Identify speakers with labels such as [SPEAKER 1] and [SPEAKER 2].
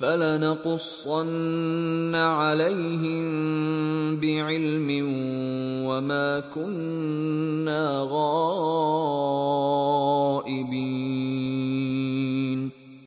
[SPEAKER 1] فلنقصن عليهم بعلم وما كنا غائبين